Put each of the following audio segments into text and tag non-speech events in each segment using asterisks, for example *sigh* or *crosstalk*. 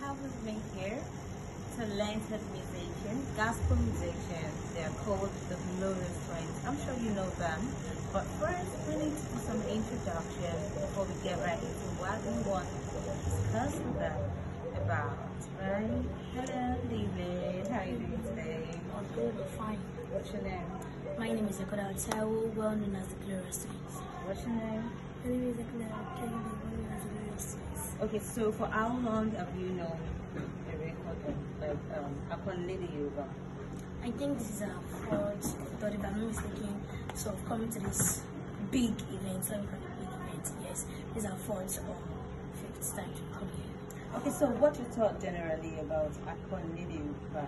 have with me here talented musicians, gospel musicians. They are called the Glorious Twins. I'm sure you know them. But first, we need to do some introduction before we get right into what we want to discuss with them about. Right? Hello, David. How are you doing today? I'm good. Fine. What's your name? My name is Akoda Tao, well known as the Glorious Twins. What's your name? Anyways, like now, can you be one of Okay, so for how long have you known the record of um, Lady I think this is a fourth, third, if I'm not mistaken, so coming to this big event, a big event, yes, this is our fourth or fifth time to come here. Okay, so what you thought generally about Akon Lady Yoruba?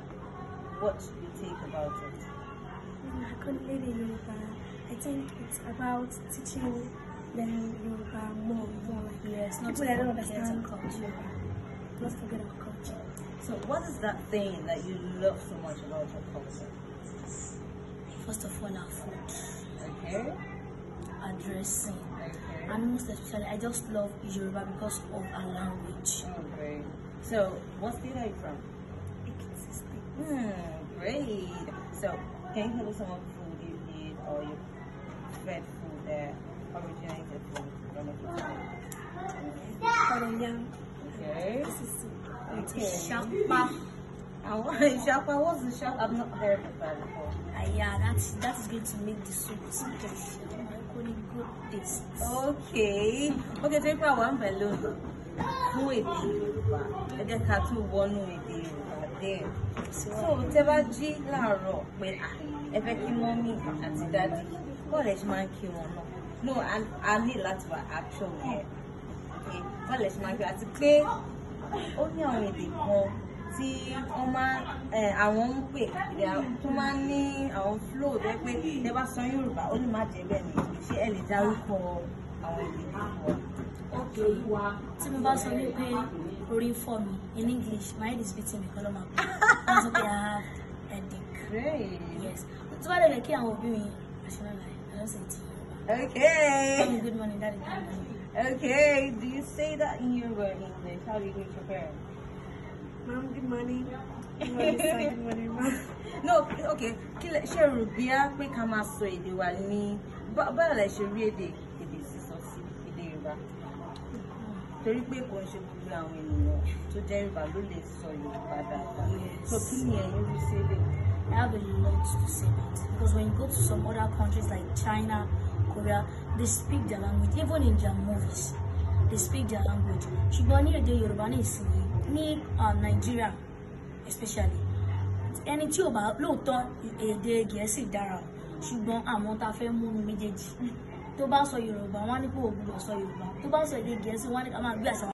What you think about it? Akon Lady Yoruba, I think it's about teaching then you become more Yes, not people don't understand culture. Let's forget culture. So, what is that thing that you love so much about your culture? First of all, our food. Okay. Our dressing. Okay. And most especially, I just love Yoruba because of our language. Okay. Oh, so, what the are from? Hmm, great. So, can you tell us some of the food you eat or your favorite Karengang. Okay. This is okay. Shapa. Shapa, *laughs* what's the shapa? I've not heard of that before. Uh, yeah, that's that's going to make the soup taste. Good taste. Okay. Okay, take a one balloon. Fún èdè Yorùbá, ẹgbẹ́ ká tó one èdè Yorùbá So whatever bá jí láàárọ̀ pé ah, ẹ fẹ́ kí mọ́mí àti dádì, bọ́ọ̀lù ẹ̀ ṣe máa ń No, I, I need that to actual hair báwo lẹ ṣe máa gbé àti pé ó ní àwọn èdè kan tí wọ́n máa àwọn ń pè tó máa ń ní àwọn flow tó pé tẹ bá sọ Yorùbá ó lè má jẹ bẹ́ẹ̀ ni ṣé ẹ lè dárúkọ àwọn èdè kan. ok tí mo bá sọ wípé orí fọ́ mi in English my head is beating me kọ́lọ́ máa pè é that's okay I have yes tí wọ́n lè lè kí àwọn òbí mi àṣẹ náà láì I don't say it to okay. good morning daddy Okay, do you say that in Yoruba English? How do you greet your parents? Mom, good morning. *laughs* Good morning, mom. *laughs* No, okay. Ṣé rò bí a pé ká máa sọ èdè wa ní báyọ̀ lẹ ṣe rí èdè èdè sísọ sí èdè Yorùbá? Torí pé kò ń ṣe gbogbo àwọn ènìyàn tó jẹ́ Yorùbá ló lè sọ Yorùbá dáadáa. So kí ni you rí sí èdè? I have a lot to say about it because when you go to some other countries like China, Korea, they speak their language, even in their movies, they speak their language. Ṣùgbọ́n ní èdè Yorùbá ní ìsinyìí ní Nàìjíríà especially ẹni tí ò bá lóòótọ́ èdè Gẹ̀ẹ́sì dára ṣùgbọ́n àwọn tá a fẹ́ mú méjèèjì tó bá sọ Yorùbá wọ́n á ní kó o gbọ́dọ̀ sọ Yorùbá tó bá sọ èdè Gẹ̀ẹ́sì wọ́n á ní ká máa gbé àṣà.